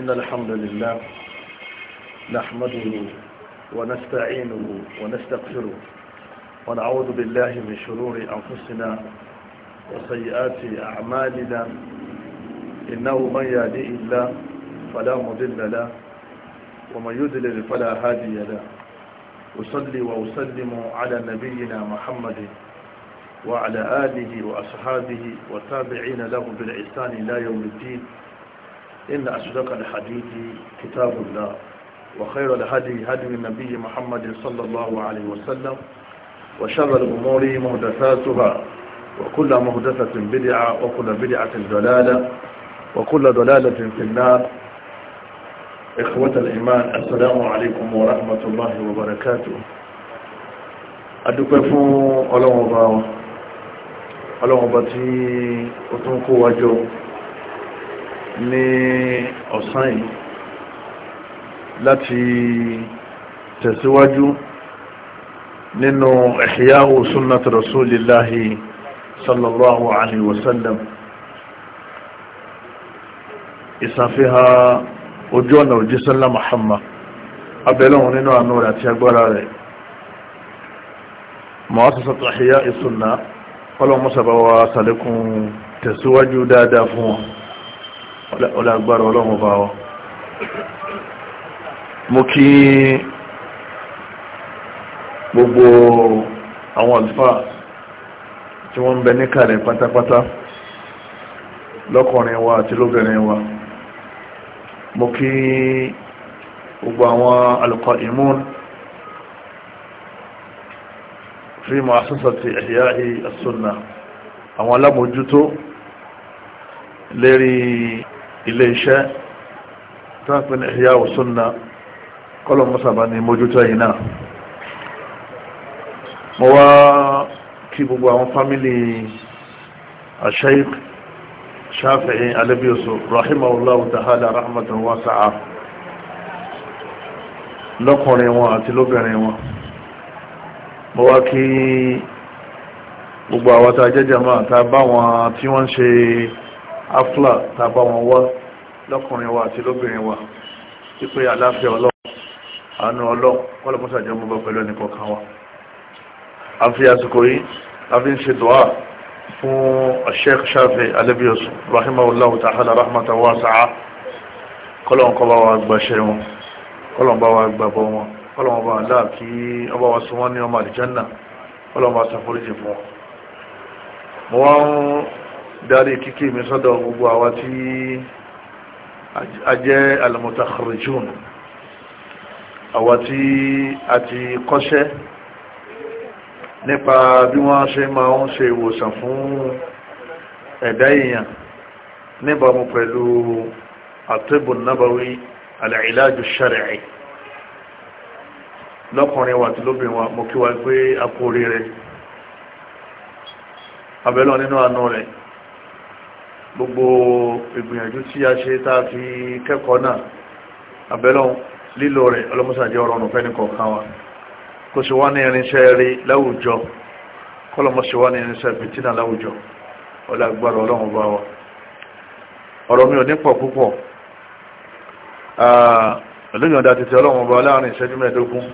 إن الحمد لله نحمده ونستعينه ونستغفره ونعوذ بالله من شرور أنفسنا وسيئات أعمالنا إنه من يهدئ الله فلا مضل له ومن يضلل فلا هادي له أصلي وأسلم على نبينا محمد وعلى آله وأصحابه وتابعين له بالإحسان إلى يوم الدين إن أصدق الحديث كتاب الله وخير الهدي هدي النبي محمد صلى الله عليه وسلم وشر الأمور مهدثاتها وكل مهدثة بدعة وكل بدعة ضلالة وكل ضلالة في النار إخوة الإيمان السلام عليكم ورحمة الله وبركاته أدوكفو ألوه باوه ألوه باتي أتنقو وجوه ní ọ̀sán yìí láti tẹ̀síwájú nínú ihya'u sunnat rasulillahi sallallahu alaihi wasallam ìsàfihàn ojú ọ̀nà òjísọ́lá Muhammad abẹ́lọ́hun nínú àánú rẹ̀ àti agbára rẹ̀ mu'assasat ihya'i sunnah ọlọ́mọ́sàbáwà sàlékún tẹ̀síwájú dáadáa fún wọn ọlágbára ọlọ́run bá ọ mo kí gbogbo àwọn àlùfáà tí wọ́n ń bẹ níkàlẹ̀ pátápátá lọ́kùnrin wa àti lóbìnrin wa mo kí gbogbo àwọn alqaimun fi mu'assasati ihya'i as-sunnah àwọn alábòjútó lérí ilé iṣẹ́ tápin Ihya wa Sunna kọ́lọ̀ mọ́sàbá ní mójútó yìí náà mo wá kí gbogbo àwọn fámílì Sheikh Shafi'i Alebioso rahimahullahu ta'ala rahmatan wasi'a lọ́kùnrin wọn àti lóbìnrin wọn mo wá kí gbogbo àwọn tá a jẹ́ jàmáà tá a bá wọn tí wọ́n ń ṣe afla tàbá wọn wá lọ́kùnrin wa àti lóbìnrin wa tí pé àláfíà ọlọ́run àánú ọlọ́run kọ́lọ̀mọ́sàjọ́ mú bọ́ pẹ̀lú ẹnìkọ̀ọ̀kan wa a fi àsìkò yìí a fi ń ṣe dùá fún Sheikh Shafi Alabius rahimahullahu ta'ala rahmatan wasi'a kọ́lọ̀n kọ́ bá wa gba ṣe wọn kọ́lọ̀n bá wa gba bọ́ wọn kọ́lọ̀n bá wa láà kí ọba wa sọ wọn ní ọmọ àlìjánà kọ́lọ̀n bá ṣàforíjì fún wọn darí kíkí mi sọ́dọ̀ gbogbo àwa tí a jẹ́ al-mutakharrijun àwa tí a ti kọ́ṣẹ́ nípa bí wọ́n ṣe máa ń ṣe ìwòsàn fún ẹ̀dá èèyàn níbàmú pẹ̀lú àtẹ́bùn nábàwí al-ilaju lọ́kùnrin wa àti lóbìnrin wa mo pé a kú oríire abẹ́lọ́ nínú àánú rẹ̀ gbogbo ìgbìyànjú tí a ṣe tá a fi kẹ́kọ̀ọ́ náà abẹ́lọ́un lílò rẹ̀ ọlọ́mọ́sàjẹ́ ọ̀rọ̀ ọ̀nà fẹ́ni kọ̀ọ̀kan wa kó sì wá ní irinṣẹ́ rí láwùjọ kọ́lọ́mọ́ sì wá ní irinṣẹ́ fìtínà láwùjọ ọlágbára ọlọ́run bá wa ọ̀rọ̀ mi ò ní pọ̀ púpọ̀ lóyọ̀ndà títí ọlọ́run bá láàrin ìṣẹ́jú mẹ́ẹ̀ẹ́dógún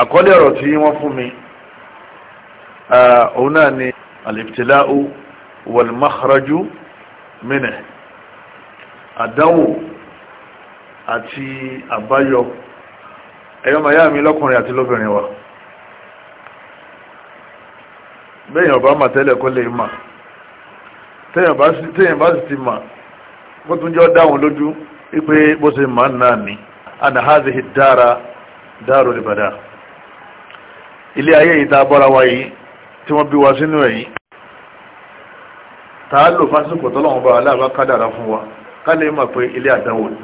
àkọlé ọ̀rọ̀ tí wọ́n fún mi òun náà ni alìbtìláhù wàlmáhàrájú mìnẹ̀ àdánwò àti àbáyọ ẹ̀yọ́ màá yá mi lọ́kùnrin àti lóbìnrin wa bẹ́yìn ọba mà tẹ́lẹ̀ kọ́ lè mà tẹ́yìn bá sì ti mà kó tún jọ dáhùn lójú wípé bó ṣe mà náà ni àdáhàzì dára dáàrò lè bàdá ilé ayé yìí tá a bọ́ra wa yìí tí wọ́n bí wa sínú ẹ̀ yìí tá a lò fásitì tọ́lọ́wọ́n bá aláàbá kádàrá fún wa ká lè mọ̀ pé ilé àdánwò ni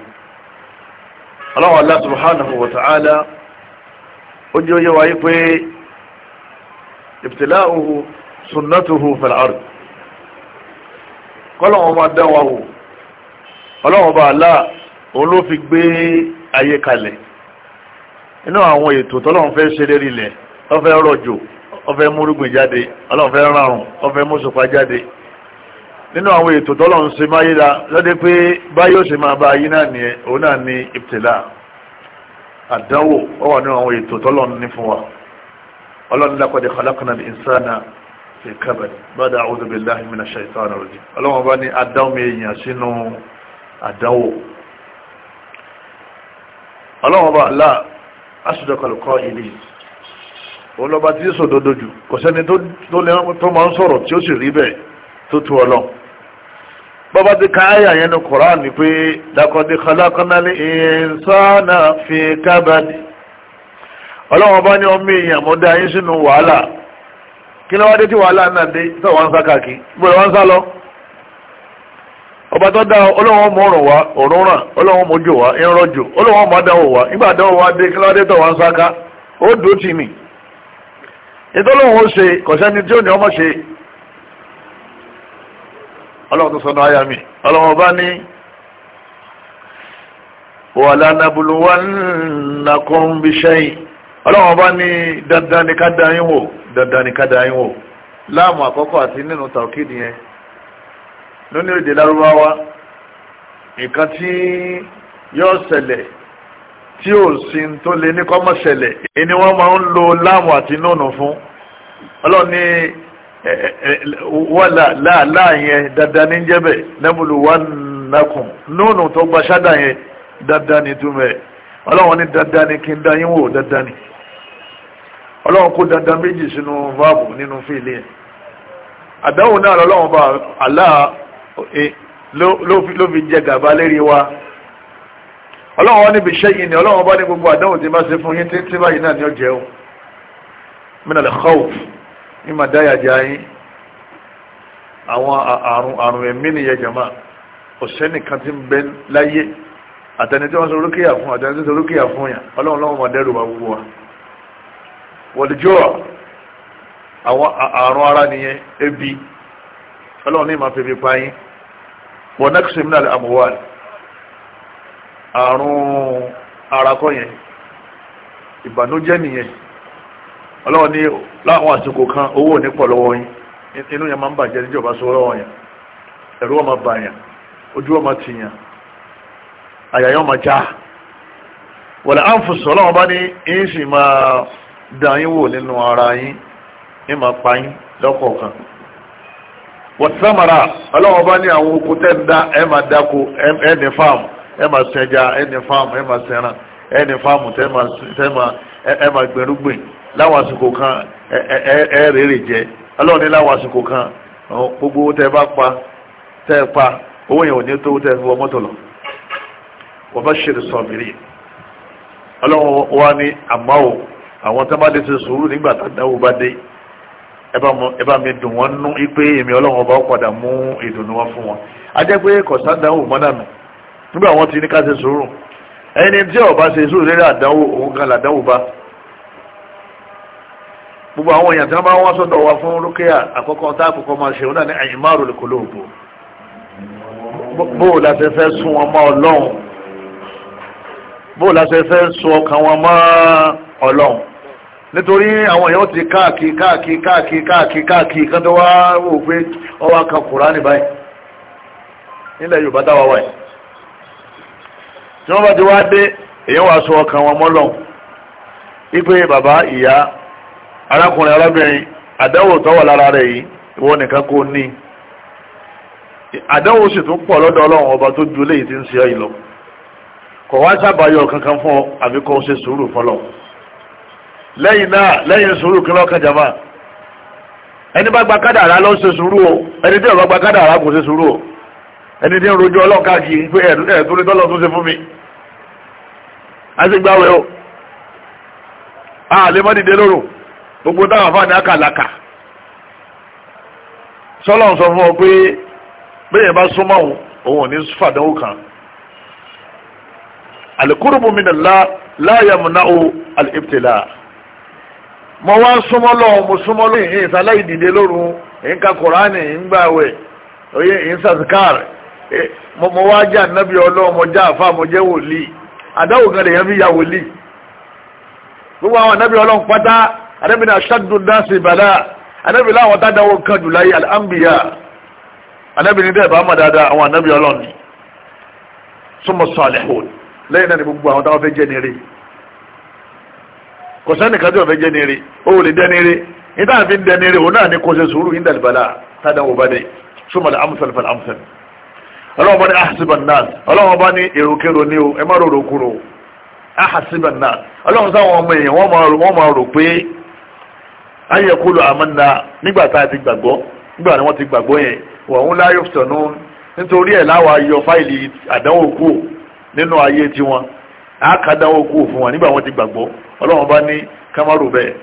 ọlọ́wọ́n Allah subhanahu wa ta'ala ó jẹ́ oyé wáyé pé ibtila'uhu sunnatuhu fil ard kọ́lọ́wọ́n máa dá wa wò ọlọ́wọ́n bá aláà òun ló fi gbé ayé kalẹ̀ inú àwọn ètò tọ́lọ́wọ́n fẹ́ ṣe lérí ilẹ̀ ọfẹ́ rọ̀jò ọfẹ́ múrúgbìn jáde ọlọ́fẹ́ rárùn ọfẹ́ mọ́sùpá jáde nínú àwọn ètò tọ́lọ̀ ń ṣe máyé la lọ́dẹ́ pé báyé ó ṣe máa bá ayé náà nìyẹn òun náà ní ìpìtìlá àdánwò ó wà nínú àwọn ètò tọ́lọ̀ ní fún wa ọlọ́run lápàdé khalaqna al-insana fi kabad bada a'udhu billahi minash ọlọ́run bá ní àdánwò èèyàn sínú àdánwò ọlọ́run bá lá aṣọ́jọ́kọ̀lùkọ́ ìlú olọba tí yóò sòdodo jù kò sẹni tó máa ń sọ̀rọ̀ tí ó sì rí bẹ́ẹ̀ tó tu ọlọ bàbá ti ka àyà yẹn ní koran pé lakọ̀dé kọlákọ́nálé ìsáná fi kábàdì ọlọ́wọ́n bá ní ọmọ èèyàn mọ́ dá yín sínú wàhálà kí ló wá dé tí wàhálà náà dé lọ ọba tó dá ọlọ́wọ́n mọ ràn ọlọ́wọ́n mọ ọlọ́wọ́n mọ adáwọ̀ adáwọ̀ dé kí ìtọ́lọ́wọ́ ó ṣe kọ̀ṣẹ́ni tí ó ní ọmọ ṣe ọlọ́run tó sọ náà mi ọlọ́run bá ní wà lánàbùlù wà nàkún bí ṣẹ́yìn ọlọ́run bá ní dandan ní kádà yín wò dandan ní kádà yín wò láàmù àkọ́kọ́ àti nínú tàókìdì yẹn lónìí èdè lárúbáwá nǹkan tí yóò ṣẹlẹ̀ tí ò sí tó lé ní kọ́mọ̀ṣẹ̀lẹ̀ ni wọ́n máa ń lo láàmù àti nùnù fún ọlọ́run ní wọ́là láàlá yẹn dandan ní jẹ́bẹ̀ lẹ́mùlù wà nàkùn nùnù tó gba ṣádà yẹn dandan ní túmẹ̀ ọlọ́run ní dandan ní kí n dá yín wò dandan ní ọlọ́run kó dandan méjì sínú fáàbù nínú fìlì yẹn náà lọ́lọ́run bá àlá eh, ló fi jẹ gàba lérí wa ọlọ́run wọn níbi iṣẹ́ yìí ni ọlọ́run bá ní gbogbo àdánwò tí bá ṣe fún yín títí báyìí náà ni ó jẹ́ o minal khawf ní màá dáyà jẹ́ ayín àwọn àrùn àrùn ẹ̀mí nìyẹn jẹ̀má ọ̀sẹ́nìkan ti ń bẹ láyé àtẹni tí wọ́n sọ rúkìyà fún àtẹni tí wọ́n sọ rúkìyà fún yàn ọlọ́run lọ́wọ́ máa dẹ́rù bá gbogbo wa wọ̀lìjọ́ àwọn àrùn ara nìyẹn ebi ọlọ́run ní ìmọ̀ àrùn arakọ́ yẹn ìbànújẹ́ nìyẹn ọlọ́wọ́ ní láwọn àsìkò kan owó ní pọ̀ lọ́wọ́ yín inú yẹn máa ń bàjẹ́ níjọba sọ lọ́wọ́ ẹ̀rú ọmọ ara wọ̀tí sámàrà ọlọ́wọ́ bá ní àwọn okùn tẹ́ ń dá ẹ máa sin ẹja ẹ ní fáàmù ẹ máa sin ẹran ẹ ní fáàmù tẹ máa gbẹrúgbìn láwọn àsìkò kan ẹ rèrè jẹ ọlọ́run ní láwọn àsìkò kan gbogbo owó tẹ bá pa tẹ pa owó yẹn ò ní tó tẹ fi wọ mọ́tò lọ wọ́n bá ṣe sọ̀mìrì ọlọ́run wa ní àmọ́ o àwọn tó bá lè ṣe sùúrù nígbà tàdáwò bá dé ẹ bá mi dùn wọ́n nú ipe èmi ọlọ́run ọba ó padà mú ìdùnnú wọn fún wọn a jẹ́ pé kọ̀sádàáwò mọ́dànù nígbà wọn ti ní ká ṣe sùúrù ẹni tí ó bá ṣe sùúrù lórí àdánwò òun kan làdánwò bá gbogbo àwọn èèyàn tí wọn bá wọn sọ́dọ̀ wa fún rúkìá àkọ́kọ́ tá àkọ́kọ́ máa ṣe òun náà ní àyìn lè kó lóògbò bóò la ṣe fẹ́ sún wọn ọlọ́run bóò la ṣe fẹ́ sún ọkàn wọn mọ́ ọlọ́run nítorí àwọn èèyàn ti káàkiri káàkiri káàkiri káàkiri káàkiri kan tó wá wò pé ọwọ́ kan Kùránì báyìí nílẹ̀ Yorùbá dáwà wáyìí tí wọ́n bá ti wá dé èyàn wà sọ ọkàn wọn mọ́lọ̀ wípé bàbá ìyá arákùnrin arábìnrin àdánwò tó wà lára rẹ̀ yìí ìwọ nìkan kò ní àdánwò sì tún pọ̀ lọ́dọ̀ ọlọ́run ọba tó ju léyìí ti ń ṣe ọ ìlọ kò wá sábàáyọ kankan fún ọ àbí kò ṣe sùúrù fọlọ lẹ́yìn náà lẹ́yìn sùúrù kí lọ́kàn jàmá ẹni bá gba kádàrá ló ṣe sùúrù o ẹni tí ó ẹni tí ń rojú ọlọ́run káàkiri pé tọ́lọ̀ tún fún mi a sì gbáwẹ̀ o a lè mọ́ dìde lóru gbogbo táwọn afáàní àkàlàkà sọ́lọ̀ sọ fún ọ pé bẹ́ẹ̀ bá súnmọ́ òun ní fàdánwò kan alikurubu minallah la yamna'u al-ibtila mo wá súnmọ́ lọ́wọ́ mo súnmọ́ lọ́wọ́ ìsàlẹ̀ ìdìde mo wá jẹ́ ànábì ọlọ́run mo jẹ́ àfa mo jẹ́ wòlíì àdáwò kan lèyàn fi ya wòlíì gbogbo àwọn ànábì ọlọ́run pátá ànábì náà ṣáàdù dáàsì ìbàdà ànábì láwọn tádàwọ̀ kan jù láyé àlámbìyà ànábì ní dẹ́ẹ̀bà àmà dáadáa àwọn ànábì ọlọ́run ni súnmọ́ sọ̀lẹ̀hùn lẹ́yìn náà ni gbogbo àwọn táwọn fẹ́ jẹ́ ní rí kò sẹ́nì kan tí wọ́n fẹ́ jẹ́ ní rí ó lè dẹ́ ní rí níta dẹ́ ní rí òun náà ni kò ṣe sùúrù yín dàlùbàlà tádàwọ̀ bá dé súnmọ́ ọlọ́wọ́ bá ní ahasibannas ọlọ́wọ́ bá ní èròkèrò ní o ẹ má rorò kúrò ahasibannas ọlọ́wọ́ sáwọn ọmọ èèyàn wọ́n máa rò pé ayẹ̀kúlò àmọ́nà nígbà tá a ti gbàgbọ́ nígbà ni wọ́n ti gbàgbọ́ yẹn wọ̀n láyé sọ̀nù nítorí ẹ̀ láwa yọ fáìlì àdánwò kú nínú ayé tiwọn àkàdánwò kú fún wọn nígbà wọ́n ti gbàgbọ́ ọlọ́wọ́ bá ní kámárù bẹ́ẹ̀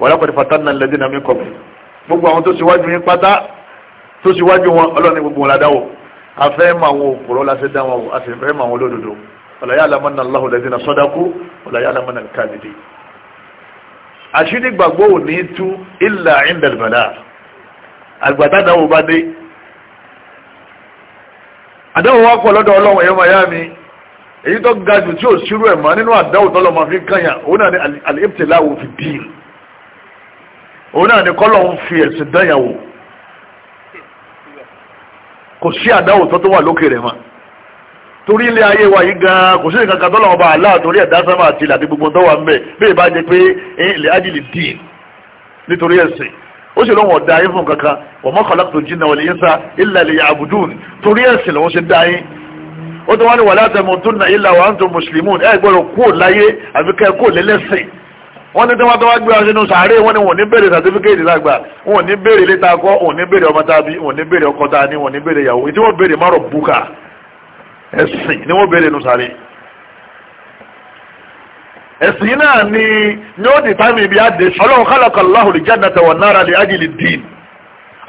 wọ́lápẹ̀tẹ̀ fatanna afẹ́ mọ àwọn òpòrọ́ láti dá wọn wò a sì fẹ́ mọ àwọn olódodo wala ya'lamanna Allahu alladhina sadaqu wala ya'lamanna al-kadhibin. àṣírí gbàgbọ́ ò ní tú illa 'inda al-bala àgbàdá dáwọ́ bá dé. àdáwọ̀ wá pọ̀ lọ́dọ̀ ọlọ́wọ̀n ẹ̀yọ́ miami èyí tó ga jù tí ò sírú ẹ̀ mọ́ nínú àdáwọ̀ tọ́lọ́ máa fi kànyà òun náà ni al-ibtila'u fi din òun náà ni kọ́lọ́ ń kò sí àdáwò tó tó wà lókè rẹ̀ mọ́ torí ilé ayé wa yìí gan kò sí nǹkan kan tọ́lọ́wọ́ bá aláà torí ẹ̀dá sámà àti ìlàdí gbogbo tó wà ń bẹ̀ bẹ́ẹ̀ bá jẹ pé ilẹ̀ ajílì dín nítorí ẹ̀sìn ó sì lóun ọ̀dà ayín fún kankan wa ma khalaqtul jinna wal insa illa liya'budun torí ẹ̀sìn lòun ṣe dá ayín ó ti wá ní wala tamutunna illa wa antum muslimun ẹ̀ gbọ́dọ̀ kúò láyé àfikẹ́ kúò lẹ́lẹ́sìn wọ́n ní tẹ́wọ́n tẹ́wọ́n gbé ọsẹ nù sàárè wọ́n ní wọ́n ní béèrè sàtífíkèètì lágbà wọ́n ní béèrè ilé tá a kọ́ wọ́n ní béèrè ọmọ tá a bí wọ́n ní béèrè ọkọ tá a ní wọ́n ní béèrè ìyàwó ètí wọ́n béèrè márọ̀ bùkà ẹ̀sìn ni wọ́n béèrè nù sàárè. ẹ̀sìn náà ni ní ó di táìmì ibi àdé ọlọ́run kálọ̀kọ̀ lọ́hùn lè jáde tẹ̀wọ̀n náírà lè ájì lè dín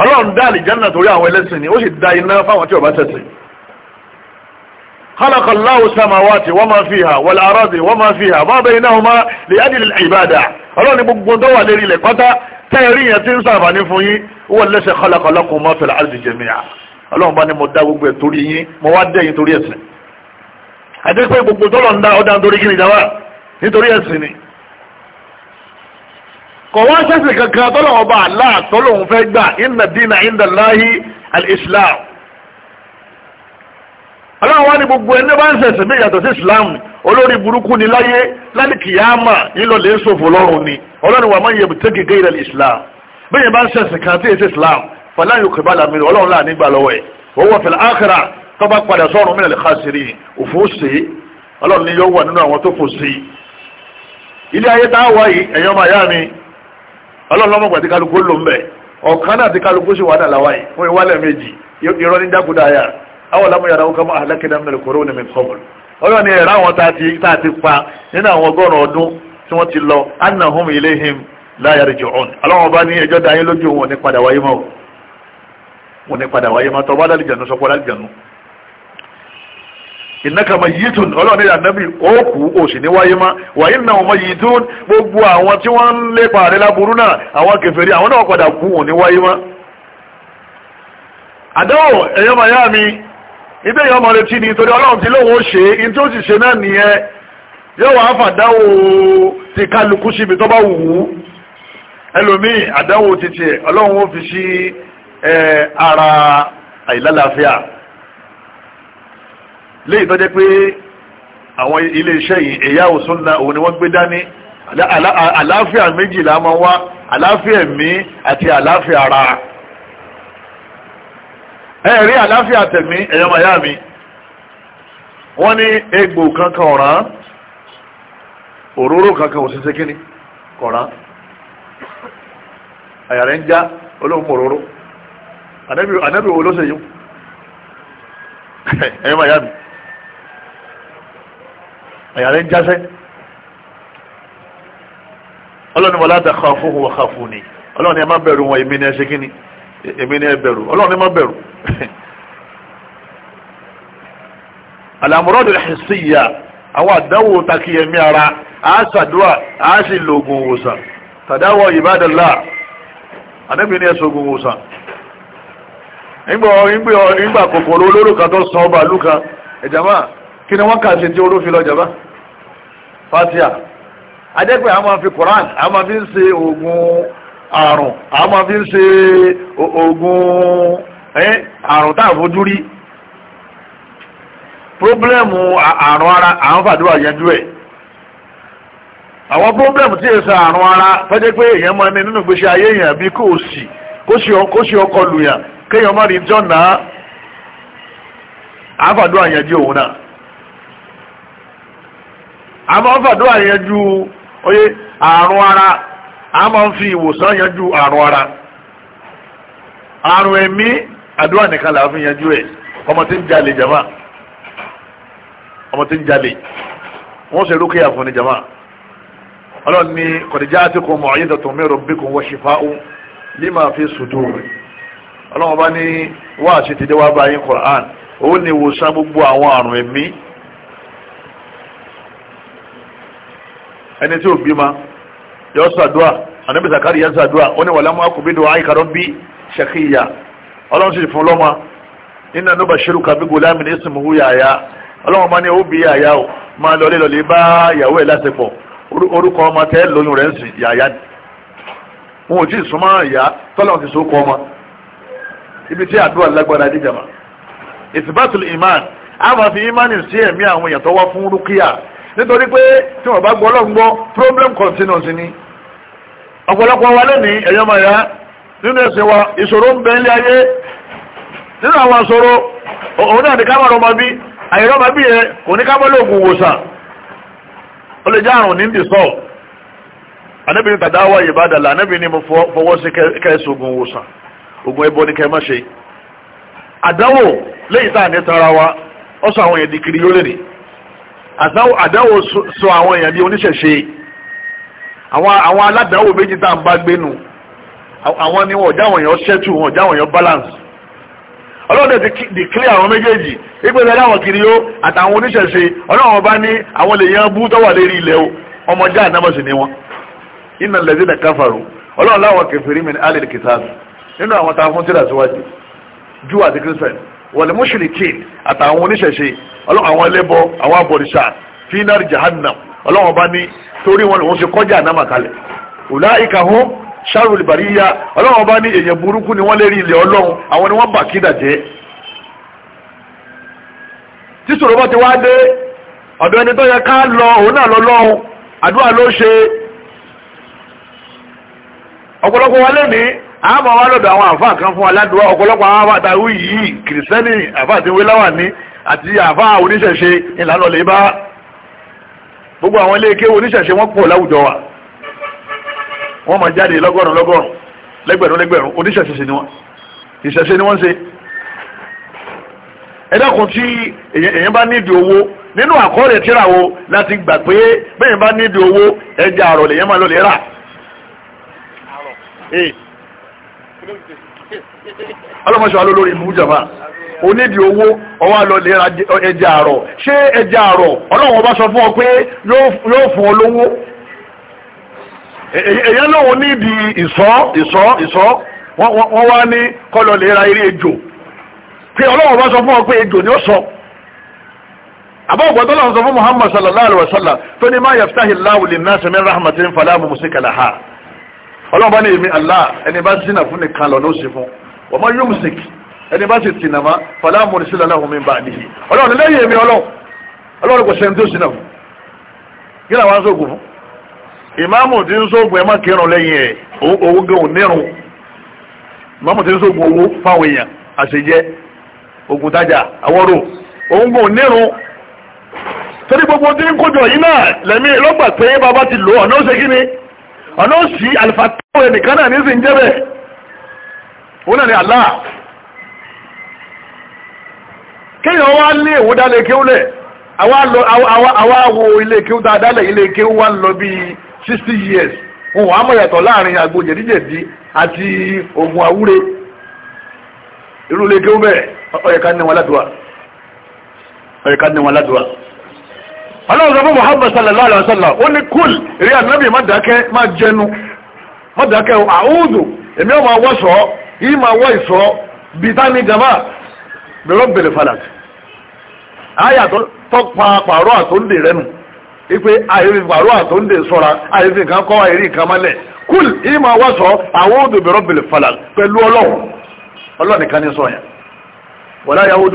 ọlọ́run dá àlìjánnà torí àwọn ẹlẹ́sìn ni ó sì dá iná fáwọn tí ó bá خلق الله السماوات وما فيها والأراضي وما فيها ما بينهما لأجل العبادة ọlọ́run ni gbogbo tó wà lérí ilẹ̀ pátá tẹ́ẹ̀rí yẹn tí ń sàǹfààní fún yín wọ́n lẹ́sẹ̀ خلق لكم ما في الأرض جميعا ọlọ́run bá ní mo dá gbogbo ẹ̀ torí yín mo wá dẹ́yìn torí ẹ̀sìn àti pé gbogbo tó lọ́n dá ọ̀dà nítorí kí ni ìjàmbá nítorí ẹ̀sìn ni kò wá sẹ́sìn kankan tọ́lọ́wọ́ bá aláàtọ́lọ́hún fẹ́ gbà inna dina inda Allahi al-Islam ọlọ́run wá ní gbogbo ẹni bá ń ṣẹ̀sìn bí ìyàtọ̀ sí islam olórí burúkú ni láyé láti kìyàmà nílọ̀lẹ́ ṣòfò lọ́rùn ni ọlọ́run wà máa ń yẹ̀bù tẹ́kì gẹ́gẹ́ ilẹ̀ islam bí ìyẹn bá ń ṣẹ̀sìn kan tí èsì islam fàlàyé òkè bá làmì ọlọ́run láà nígbà lọ́wọ́ ẹ̀ owó fẹ̀lẹ̀ ákàrà tó bá padà sọ́run mílẹ̀ lẹ́kàṣírí òfòsè ọlọ́run ni yóò wà nínú àwọn tó fòsè ọlọ́run ní àwọn ọ̀làmú yàrá wọn kọ́ mọ́ àhàlákìlá mi lẹ́kọ̀ọ́ rẹ̀ mi kọ́ bọ̀lù ọlọ́run ni ẹ̀rọ àwọn tá a ti pa nínú àwọn ọgọ́rùn-ún ọdún tí wọ́n ti lọ annahum ilayhim la yarji'un ọlọ́run bá ní ẹjọ́ dayé lójú wọn ní padà wáyé mọ́ wọn ní padà wáyé mọ́ tọ́ bá dálìjànú sọ́kọ́ dálìjànú innaka mayyitun ọlọ́run ní ànábì òkú òsì ní wáyé má wa innahum mayyitun gbogbo àwọn tí wọ́n ń lépa rẹ̀ láburú náà àwọn kèfèrí àwọn náà padà kú wọn ní wáyé má àdáwò ẹ̀yọ́ màyá mi ibẹ̀ yọ ọmọ retí ni torí ọlọ́run ti lóun ó ṣe in tí ó sì ṣe náà nìyẹn yóò wá fàdáwò ti kálukú síbi tó bá wù ú ẹlòmíì àdáwò títí ọlọ́run ó fi sí ara àìlálàáfíà léyìí tó jẹ́ pé àwọn iléeṣẹ́ yìí èyá òsúnna òun ni wọ́n gbé dání àlàáfíà méjìlá máa wá àlàáfíà ẹ̀mí àti àlàáfíà ara ẹ̀rí àláfíà tẹ̀mí ẹ̀yọ́ màyá mi wọ́n ní egbò kankan ọ̀ràn òróró kankan òṣìṣẹ́ kíní kọ̀ràn àyà rẹ̀ ń já olóhùn òróró ànábì wo ló ṣe yìí ẹ̀yọ́ màyá mi àyà rẹ̀ ń jáṣẹ́ ọlọ́ni wọlá dàkọ̀ fún wọn kà fún ni ọlọ́ni ẹ má bẹ̀rù wọn èmi ní ẹ kíní. èmi ni ẹ bẹ̀rù ọlọ́run ni má bẹ̀rù alamuradu ẹ̀sìyà àwọn àdánwò takiyẹmí ara àásàdúrà àásì lògùn òwòsàn tàdáwọ̀ ìbádọ́lá àdẹ́bí ni ẹ̀sùn ògùn òwòsàn nígbà kòkòrò olóró kan tó san ọba ẹ̀jàmá kí ni wọ́n kà sí lọ jàmá fatia adẹ́pẹ́ àwọn máa fi koran àwọn àrùn a máa fi ń ṣe oògùn àrùn tá àfojú rí pírọ́blẹ́mù àrùn ara à ń fàdúrà yanjú ẹ̀ àwọn pírọ́blẹ́mù tí èsà àrùn ara fẹ́jẹ́ pé èèyàn máa ní nínú ìgbésí ayé èèyàn bí kò sí kó ṣe ọkọ lùyàn kéèyàn má rí jọ́nà à ń fàdúrà yanjú òun náà a máa ń fàdúrà yanjú oye àrùn ara a máa ń fi ìwòsàn yanjú àrùn ara àrùn ẹ̀mí àdúrà nìkan làá fi yanjú ẹ̀ ọmọ tí ń jalè jama ọmọ tí ń jalè wọ́n ṣe rúkìá fún ni jama ọlọ́run ní kọ̀díjá àti kò mọ̀ ayé dọ̀tún mẹ́rọ bí kò wọ́n ṣe fa ó lima fi sudur ọlọ́run bá ní wá àṣẹ ti dé bá yín Qur'an ó ní ìwòsàn gbogbo àwọn àrùn ẹ̀mí ẹni tí ò bímọ yọ sàdúà ànábì zakari ya sàdúà ó ní wàlámù akùnbídò àyíkàrọ̀ bí ṣèkìyà ọlọ́run sì fún lọ́mọ iná ló bá ṣerú kàbí gòlámì ní ìsìnmùhú yàyà ọlọ́run máa ní ó bí yàyà o máa lọlé lọlé bá yàwó ẹ̀ lásìpọ̀ orúkọ ọmọ tẹ́ lóyún rẹ̀ ń sìn yàyà ni wọn ò tí ì súnmọ́ ìyá tọ́lọ̀ ti sókọ ọmọ ibi tí àdúrà lágbára díjàmà ìsìbátùl iman a fi imani sí ẹ̀mí àwọn èèyàn tó wá fún rúkìá nítorí pé tí wọ́n bá gbọ́ ọlọ́run gbọ́ problem continuous ni ọ̀pọ̀lọpọ̀ wa lónìí ẹ̀yọ́ ya nínú ẹ̀sìn wa ìṣòro ń ayé nínú àwọn ìṣòro òun náà ní kámọ̀rọ̀ ọmọ bí àìrọ̀ ọmọ bí yẹn kò ní kámọ̀ wòsàn ó lè já àrùn ní mo fọwọ́ sí kẹ́ẹ̀sì ogun wòsàn ogun ẹbọ ní kẹ́ẹ̀mọ́ ṣe àdánwò lẹ́yìn tá sọ àwọn èèyàn di kiri yóò lè ní àdánwò sọ àwọn èèyàn bí àwọn àwọn aládàáwò méjì tá à ń bá gbé nu àwọn ni wọn ò jáwọn èèyàn ṣẹ́tù wọn ò jáwọn èèyàn balance ọlọ́run ti declare àwọn méjèèjì wípé lẹ́yìn àwọn kiri ó àtàwọn oníṣẹ̀ṣe ọlọ́run ọba ní àwọn lè yan bú tọ́wà lérí ilẹ̀ o ọmọdé ànámọ̀sí ni wọn iná lẹ́sìn náà káfàró ọlọ́run láwọn kẹfìrí mi ní alẹ́ kìtàbù nínú àwọn tá a fún tíra síwájú júù àti kírísítẹ̀n wọlé mùsùlùmí àtàwọn oníṣẹ̀ṣe ọlọ́run àwọn ẹlẹ́bọ àwọn abọ̀rìṣà fínárì jahannam ọlọ́wọ́n bá ní torí wọn lòun ṣe kọjá ànámà kalẹ̀ ulaika hum sharul bariya ọlọ́wọ́n bá ní èèyàn burúkú ni wọ́n lérí ilẹ̀ ọlọ́run àwọn ni wọ́n bà kídà jẹ́ tí sọ̀rọ̀ bá ti wá dé ọ̀dọ̀ ẹni tó yẹ ká lọ òun náà lọ lọ́hùn àdúrà ló ṣe ọ̀pọ̀lọpọ̀ wa lẹ́nìí àmọ́ wa lọ́dọ̀ àwọn àfáà kan fún aládùúwà ọ̀pọ̀lọpọ̀ àwọn àfáà ta wí yìí kìrìsẹ́nì àfáà ti wé ní àti àfáà oníṣẹ̀ṣe ìlànà lè bá gbogbo àwọn ilé kéwò oníṣẹ̀ṣe wọ́n pọ̀ láwùjọ wa wọ́n máa jáde lọ́gọ́rùn lọ́gọ́rùn lẹ́gbẹ̀rún lẹ́gbẹ̀rún oníṣẹ̀ṣe ni wọ́n ìṣẹ̀ṣe ni wọ́n ṣe ẹ̀dàkùn tí èyàn bá nídìí owó nínú àkọọ́lẹ̀ tíra wo láti gbà pé bẹ́yìn bá nídìí owó ẹja àrọ̀ lèyàn máa lọlẹ̀ rà ọlọ́mọṣọ́ alólórí ìmú jàmáà onídìí owó ọwọ́ àlọ́lẹ̀ ẹja àrọ̀ ṣé ẹja àrọ̀ ọlọ́run ọba sọ fún ọ pé yóò fún ọ lówó èyàn lòun nídìí ìsọ́ ìsọ́ ìsọ́ wọ́n wá ní kọlọ̀lẹ̀ ra eré ejò pé ọlọ́run ọba sọ fún ọ pé ejò ni ó sọ àbọ̀gbọ̀n tó sọ fún Muhammad sallallahu alaihi tó ní máa rahmatin bá ní èmi Allah ẹni bá fún lọ sì fún wọ́n mọ́ ẹni bá sì sìnà má fàlà mùrìsílà láwọn mi bá nìyí ọlọ́run lẹ́yìn èmi ọlọ́run ọlọ́run kò sẹ́ni tó sìnà fún kí làwọn aṣọ ògùn fún ìmáàmù tí ń sóògùn ẹ má kírun lẹ́yìn ẹ̀ owó gan onírun ìmáàmù tí ń sóògùn owó fáwọn èèyàn àṣejẹ ògùn tajà àwọrò òun gan onírun torí gbogbo tí ń kójọ yìí náà lẹ́mí lọ́gbà pé bàbá ti lò ọ̀nà òṣèkí ni ọ̀nà òṣì àlùfáà tó ẹnìkan náà ní sì ń jẹ́ bẹ́ẹ̀ òun náà ni Allah kéèyàn wá ní ewu dálé kéwú lẹ̀ awa wo ilé kéwú dáadáa ilé kéwú wá lọ bí 60 years wọn wà láàrin àgbo jẹ̀díjẹ̀dí àti oògùn àwúre irú ilé kéwú ó yẹ ká ní wọn ládùúwà ọlọ́run mìíràn bèrè falak àyà tó pa pàrọ̀ àtòǹdè rẹ́nu ipe àìrí pàrọ̀ àtòǹdè sọ́ra àìrí nǹkan kọ́ àìrí nǹkan mọ́lẹ̀ kúl ìmọ̀ wá sọ àwọn odò mìíràn bèrè falak pẹ̀lú ọlọ́run ọlọ́run nìkan ní sọ yẹn wọlé àyàwó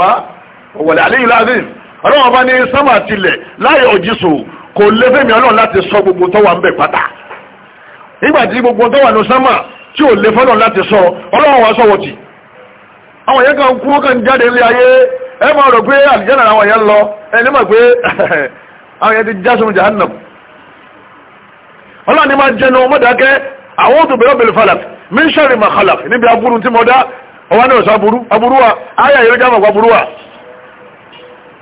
ma wọlé àlẹ́yìn láàrin ọlọ́run ọba ní sánmà tilẹ̀ láyé òjísò kò lé fẹ́mi ọlọ́run láti sọ gbogbo tó wà ń àwọn èèyàn kan kú kan jáde ilé ayé ẹ máa rò pé àlìjáná àwọn èèyàn lọ ẹni mọ̀ pé àwọn èèyàn ti já sunu jahannam ọlọ́ọ̀ni máa jẹnu ọmọdàkẹ́ àwọn òtún bẹ̀rẹ̀ bẹ̀rẹ̀ falak míṣẹ́rì mà khalaf níbi aburú tí mo dá ọwọ́ ní ọ̀sán aburú aburú wa ayé ayé jámọ̀ kó aburú wa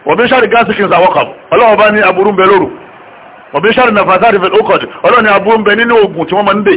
wọ́n míṣẹ́rì gáàsì kìí sàwọ́ kàm ọlọ́wọ́ bá ní aburú ń bẹ lóru wọ́n míṣẹ́rì nàfàtà rẹ̀ fẹ́ lókọ̀dì ọlọ́ọ̀ni aburú ń bẹ nínú ogun tí wọ́n máa ń dè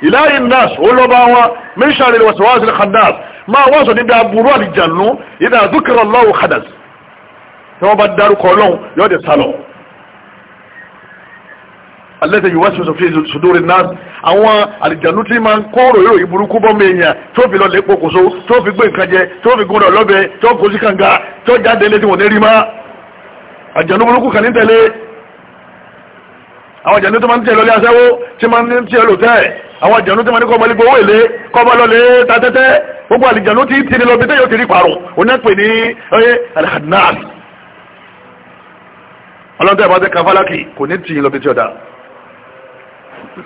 ìláyìn nas olóba wọn mẹ́ṣàlẹ̀ wàsíwáṣí khannas máa wọ́n sọ níbi aburú àdìjànú ìdá àdúkìrọ̀ lọ́wọ́ khanas tí wọ́n bá dárúkọ ọlọ́run yóò dé sálọ alẹ́tẹ̀ yìí wá sí sọfí sùdúrì náà àwọn àdìjànú tí máa ń kóró yóò yí burúkú bọ́ mẹ́yìn tó fi lọ lẹ́pọ̀ kòso tó fi gbé nǹkan jẹ tó fi gúnra lọ́bẹ tó kó sí tó jáde létí wọn ní rí má àdìjànú burúkú kàn ní àwọn jẹ̀nu tó máa ń tiẹ̀ lọlé aṣẹ́wó tí máa ń tiẹ̀ lò tẹ́ àwọn jẹ̀nu tó máa ní kọ́ ọmọ igbó wèlé kọ́ ọmọ lọlé ta gbogbo àlìjẹ̀nu ti tiri lọ bí tẹ́yọ̀ ti rí parun òun náà pè ní ọyẹ alhadnaas ọlọ́dẹ bá tẹ kafalaki kò ní tì lọ bí tí ọ̀dà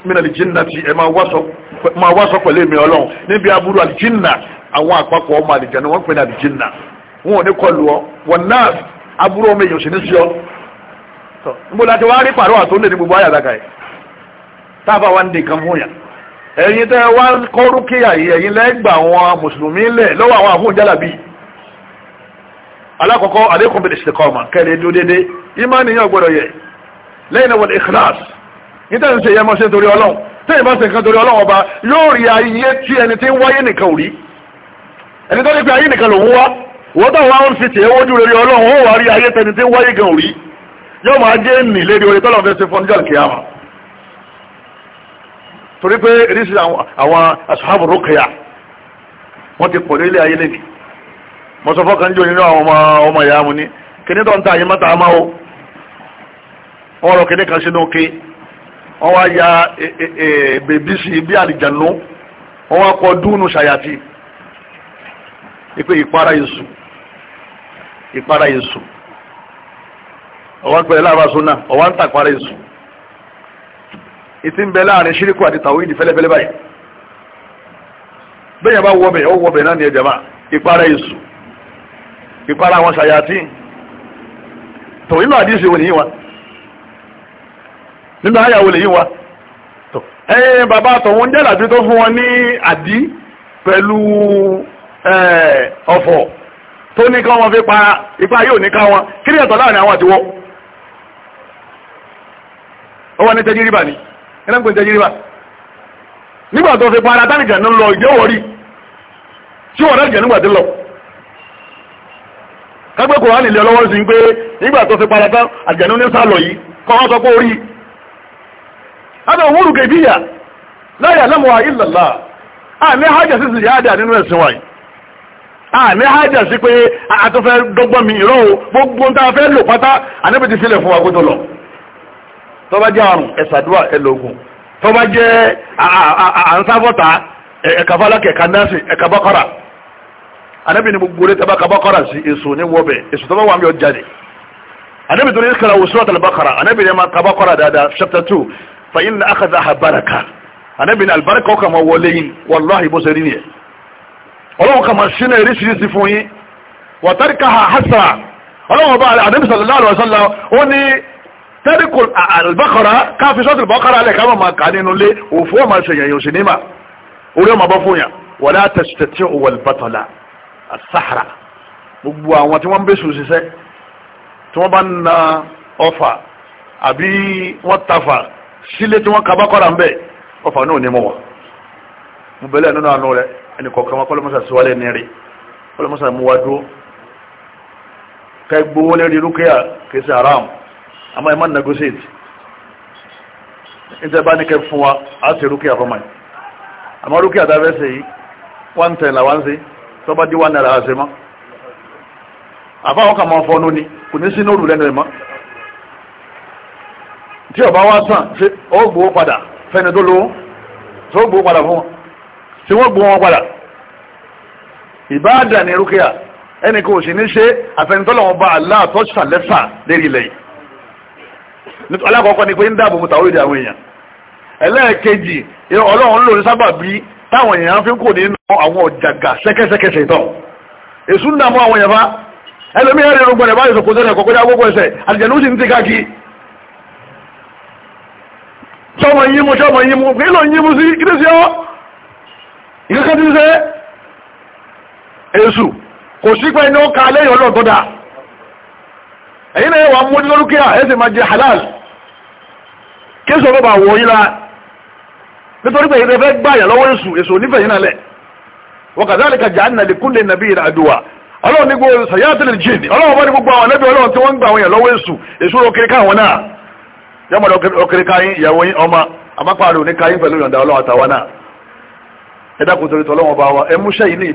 mina alijinna ti ẹ máa wá sọ pẹ̀lú èmi ọlọ́run níbi aburú alijinna àwọn àpapọ̀ ọmọ àlìjẹ̀nu wọ́n pè ní alijinna wọn ò ní kọlu ọ wọn náà aburú ọ tọ níbo la ti wá rí pàrọ̀ àtúndì ní gbogbo àyàdàkà yìí tábà wá ń di kan fún yàn ẹ̀yin tẹ́ wá kọ́ rúkìá yìí ẹ̀yin lẹ́gbà àwọn mùsùlùmí lẹ̀ lọ́wọ́ àwọn àfún jálàbí alákọ̀ọ́kọ́ alaykum bil istiqama kẹ́lẹ̀ dúró dédé ìmánìyàn gbọ́dọ̀ yẹ lẹ́yìn wal ikhlas níta ń ṣe yẹmọ́ ṣe torí ọlọ́run tẹ́yìn bá ṣe nǹkan torí ọlọ́run ọba yóò rí ayé tí ẹni tí ń wáyé nìkan ò rí ẹni tó ní pé ayé nìkan lòun wá ó wà yọ ma jẹ́ nì lérí orí tọ́lọ̀ fẹ́ ṣe fún ọjọ́ ìkìyàmà torí pé ríṣì àwọn aṣáàbù rókèyà wọ́n ti pọ̀ lórí ayé lẹ́nì mọ́ sọ fọ́kàn jò nínú àwọn ọmọ ìyá mu ní kíní tó ń ta àyímọ́ta àmá o wọ́n rọ kíní kan sínú wọ́n wá ya e, e, e, bèbí sí bí àlìjànú wọ́n wá kọ dúnú ṣàyàtì ìpara ọwọ́n pẹ̀lú àbá súnà ọwọ́n ń tàparẹ́ sùn ìtì ń bẹ láàrin ṣíríkù àti tàwíìdì fẹ́lẹ́fẹ́lẹ́ báyìí bẹ́yẹn bá wọbẹ̀ ó wọbẹ̀ náà ní ẹ̀jẹ̀ máa ìparẹ́ èṣù ìparẹ́ àwọn ṣàyàtì tó nínú àdíṣe wò nìyí wa nínú àyàwó lèyí wa ẹ̀yìn bàbá àtọ̀wọ́n jẹ́ làbí tó fún àdí ọ̀fọ̀ tó ní ká wọn fi pa ipá yóò ní ká wọn kí ni ẹ̀tọ́ láàrin àwọn àtiwọ́ ọwọ́ ní tẹ́jìrìbà ni ẹlẹ́gbẹ̀ẹ́ tẹ́jìrìbà nígbà tó fi para tánìjà ní lọ ìjẹ́wọ̀ rí tí wọ́n rẹ̀jẹ̀ nígbà tí lọ kágbé kò wá nílẹ̀ ọlọ́wọ́ sí pé nígbà tó fi para tán àjẹ̀nú ní sálọ yìí kọ́ wọ́n sọ pé orí adà òwúrù kèbíyà láyà lámọ̀wà ìlàlá àmì hajjá sí ziyada nínú ẹ̀sìn wáyé àmì hajjá sí pé àtúnfẹ́ dọ́gbọ́n mi ìrọ̀ gbogbo ń ta fẹ́ lò pátá àníbi ti sílẹ̀ fún wa kó tó lọ tọ́ba jẹ́ àrùn ẹ̀sàdúrà ẹlòògùn tọ́ba jẹ́ àǹsáfọ́ta ẹ̀kàfàlákẹ̀ kandasi ẹ̀kàbọ́kọ́ra anábì ní gbogbo rẹ̀ tẹ́bà kàbọ́kọ́ra sí èso ní wọ́bẹ̀ èso tọ́ba wà mí ọjà dé anábì tó ní ìkàrà wò sọ́ọ̀tà lẹ́bàkọ́ra anábì ní ma kàbọ́kọ́ra dáadáa chapter two fàyín ní akadà àbáraka anábì ní àlùbáríkà ọkà máa wọlé yín wàláhì bó ṣe rí nìyẹn ọlọ́run kà máa ṣí eréṣiríṣi fún yín wàtàríkà ha hasra ọlọ́run ọba anábì sallallahu alaihi wasallam tẹ́ríkù àlùbọ́kọ̀rá káfí sọ́tì bọ́kọ̀rá alẹ́ ká máa kà nínú ilé òfú ọmọ ṣèyàn yóò sì níma orí ọmọ bọ́ fún yàn wọ́n dá tẹ̀sítẹ̀tì òwòl bàtọ̀là àsáhàrà gbogbo àwọn tí wọ́n ń bẹ̀sùn ṣiṣẹ́ tí wọ́n bá ń na ọfà àbí wọ́n tafà sílé tí wọ́n kabakọ́ra ń bẹ̀ ọfà ní mọ̀ wọ́n mo bẹ̀lẹ̀ nínú àmọ́ ẹ má negotiate níta bá ní kẹ fún wa á ṣe rúkìá fọmọ yìí àmọ́ rúkìá tá a fẹ́ ṣe yìí one ten là wá ń ṣe tó bá dí one naira àṣẹ mọ́ àbáwọn kan máa fọnú ni kò ní sínú òrùlé ẹnu ẹ mọ́ tí ọba wa sàn ṣe ó gbowó padà fẹni tó lówó tó gbowó padà fún wọn tí wọ́n gbowó wọn padà ìbáàdà ní rúkìá ẹnì kò sì ní ṣe àfẹnitọ́lọ́wọ́n bá aláàtọ́ṣà lẹ́fà lérí ilẹ̀ alákọ̀ọ́kọ́ ni pé ń dáàbò bòtà orílẹ̀ àwọn èèyàn ẹlẹ́ẹ̀kejì ọlọ́run ló ní sábà bí táwọn èèyàn fi ń kò nínú àwọn ọ̀jàgà sẹ́kẹ́sẹ́kẹ́sẹ́ tán èsù ń dààmú àwọn èèyàn bá ẹlòmí ẹ̀rẹ́ irun gbọ̀dẹ̀ báyìí sọ̀kò sẹ́lẹ̀ gbogbo ẹsẹ̀ àlìjẹ̀lú sì ń ti káàkì sọmọ lẹ́yìn wà mú lórúkẹ́ à máa jẹ halal kí èso ọgbọ́n bá wọ yín lára nítorí pé ìrẹ́fẹ́ gbàyàn lọ́wọ́ èṣù èṣù onífẹ̀ yín nalẹ̀ wa kadhalika ja'alna likulli nabiyyin aduwa ọlọ́run ní gbogbo sayatil jinn ọlọ́run bá ní gbogbo àwọn ẹlẹ́bí ọlọ́run tí wọ́n ń gbà àwọn èèyàn lọ́wọ́ èṣù èṣù òkèrè káwọn náà yọmọdé òkèrè káyín ìyàwó yín ọmọ amápáàrí òní káyín pẹ̀lú ìyọ̀ǹda ọlọ́run àtàwọn náà ẹ dákun torí tọ́lọ́wọ́n bá wa ẹ múṣẹ́ yìí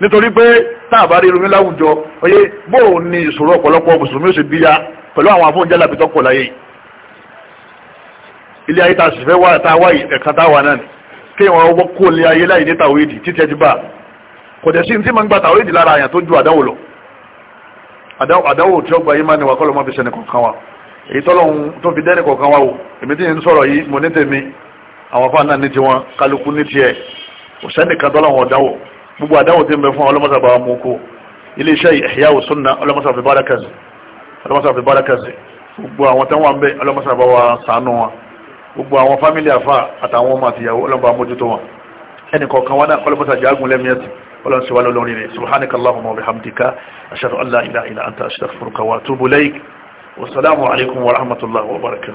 nítorí pé táàbá irun láwùjọ oyé bóò ni ìṣòro ọ̀pọ̀lọpọ̀ mùsùlùmí ó ṣe bíya pẹ̀lú àwọn afọ́njálàbí láyé yìí ilé ayé ta sì fẹ́ wá ta wá ẹ̀ka tá wà náà kí wọ́n wọ́ kó ilé ayé láì ní tàwídì títẹ́ ti bá kò dẹ̀ sí ní tí ma ń gba tàwídì lára àyàn tó ju àdáwò lọ àdáwò tí ó gba yìí máa ní wà kọ́lọ́ máa fi ṣẹ̀nì kọ̀ọ̀kan wa èyí tọ́lọ́hun tó fi dẹ́rẹ̀ kọ̀ọ̀kan wa o èmi tí ń sọ̀rọ̀ yìí mo ní tèmi àwọn fáànà ní tiwọn kálukú ní tiẹ̀ kò sẹ́nìkan tọ́lọ́hun ọ̀dáwò gbogbo àdáwò tí ń bẹ fún ọlọ́mọsàbà wa mú kó iléeṣẹ́ ìhìyà òsùnà ọlọ́mọsàbà fi bára kẹsì gbogbo àwọn tẹ́wọ̀n bẹ ọlọ́mọsàbà wa sànú wọn gbogbo àwọn fámílì àfà àtàwọn ọmọ àtìyàwó ọlọ́mọba mójútó wọn ẹnì kọ̀ọ̀kan wọn náà kọlọ́mọ́sà jágùn lẹ́mìẹ́sì ọlọ́run ṣe wá lọ́lọ́rin rẹ̀ subhanakallahumma wa bihamdika ashhadu an la ilaha illa anta astaghfiruka